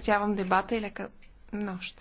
Прекратявам дебата и лека нощ.